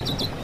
you